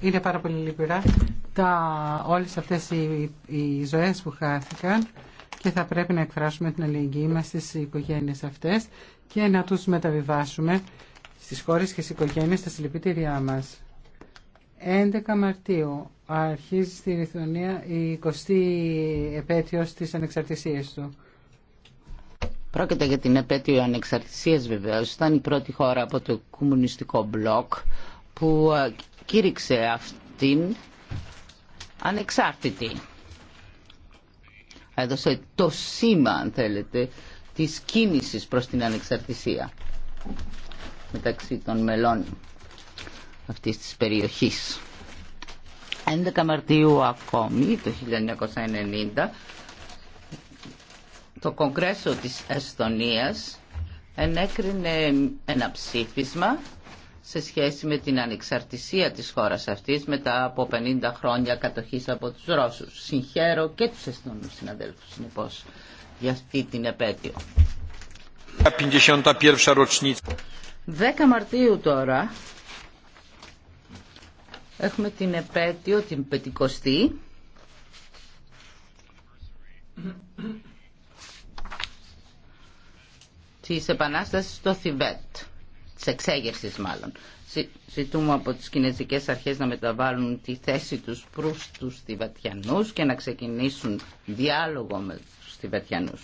είναι πάρα πολύ λυπηρά τα, όλες αυτές οι, οι ζωές που χάθηκαν και θα πρέπει να εκφράσουμε την αλληλεγγύη μας στις οικογένειες αυτές και να τους μεταβιβάσουμε στις χώρες και στις οικογένειες στα συλληπιτήριά μας. 11 Μαρτίου αρχίζει στη Λιθουανία η 20η επέτειος της ανεξαρτησίας του. Πρόκειται για την επέτειο ανεξαρτησίας βεβαίως. Ήταν η πρώτη χώρα από το κομμουνιστικό μπλοκ που ε, κήρυξε αυτήν ανεξάρτητη. Έδωσε το σήμα, αν θέλετε, της κίνησης προς την ανεξαρτησία μεταξύ των μελών αυτής της περιοχής. 11 Μαρτίου ακόμη, το 1990, το Κογκρέσο της Εστονίας ενέκρινε ένα ψήφισμα σε σχέση με την ανεξαρτησία της χώρας αυτής μετά από 50 χρόνια κατοχής από τους Ρώσους. Συγχαίρω και τους Εσθονούς συναδέλφους, συνεπώς, για αυτή την επέτειο. 10 Μαρτίου τώρα έχουμε την επέτειο, την πεντηκοστή τη επανάσταση στο Θιβέτ, τη εξέγερση, μάλλον. Ζητούμε από τι κινέζικε αρχέ να μεταβάλουν τη θέση του προ του Θιβετιανού και να ξεκινήσουν διάλογο με τους Θιβετιανούς.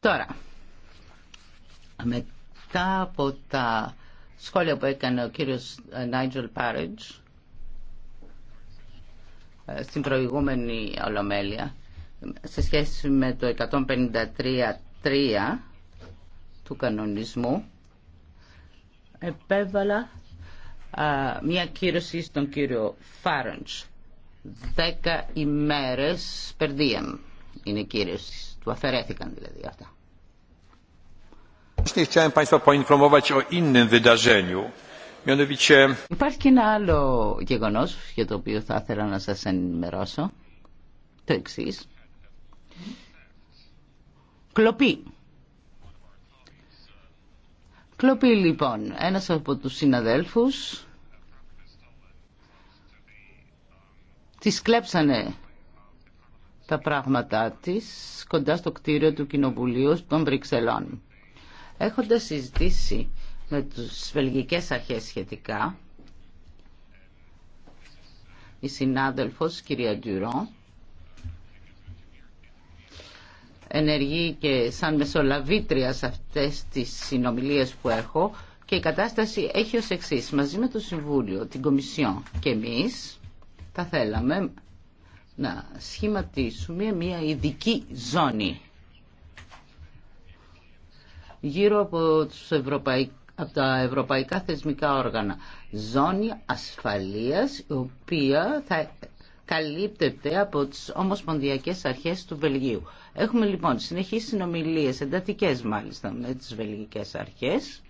Τώρα, μετά από τα σχόλια που έκανε ο κύριος Νάιτζελ Πάριτζ, ε, στην προηγούμενη Ολομέλεια σε σχέση με το 153.3 του κανονισμού επέβαλα μια κύρωση στον κύριο Φάρεντς Δέκα ημέρες diem είναι η κύρωση. Του αφαιρέθηκαν δηλαδή αυτά. Chciałem Państwa poinformować o innym wydarzeniu. Υπάρχει και ένα άλλο γεγονό για το οποίο θα ήθελα να σα ενημερώσω. Το εξή. Κλοπή. Κλοπή λοιπόν. Ένας από τους συναδέλφους της κλέψανε τα πράγματά της κοντά στο κτίριο του Κοινοβουλίου των Βρυξελών. Έχοντας συζητήσει με τις βελγικές αρχές σχετικά. Η συνάδελφος κυρία Ντουρόν ενεργεί και σαν μεσολαβήτρια σε αυτές τις συνομιλίες που έχω και η κατάσταση έχει ως εξής. Μαζί με το Συμβούλιο, την Κομισιόν και εμείς θα θέλαμε να σχηματίσουμε μια ειδική ζώνη γύρω από τους ευρωπαϊκούς από τα ευρωπαϊκά θεσμικά όργανα. Ζώνη ασφαλείας η οποία θα καλύπτεται από τις ομοσπονδιακές αρχές του Βελγίου. Έχουμε λοιπόν συνεχείς συνομιλίες, εντατικές μάλιστα, με τις βελγικές αρχές.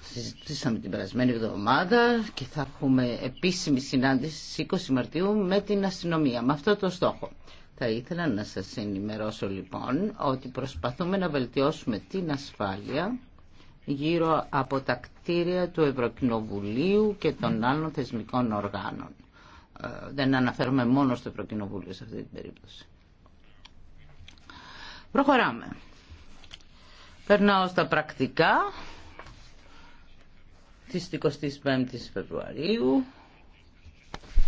Συζητήσαμε την περασμένη εβδομάδα και θα έχουμε επίσημη συνάντηση στις 20 Μαρτίου με την αστυνομία, με αυτό το στόχο. Θα ήθελα να σας ενημερώσω λοιπόν ότι προσπαθούμε να βελτιώσουμε την ασφάλεια γύρω από τα κτίρια του Ευρωκοινοβουλίου και των άλλων θεσμικών οργάνων. Ε, δεν αναφέρουμε μόνο στο Ευρωκοινοβούλιο σε αυτή την περίπτωση. Προχωράμε. Περνάω στα πρακτικά της 25ης Φεβρουαρίου.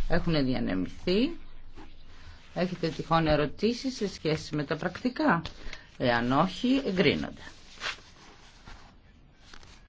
Έχουν διανεμηθεί. Έχετε τυχόν ερωτήσεις σε σχέση με τα πρακτικά. Εάν όχι, εγκρίνονται.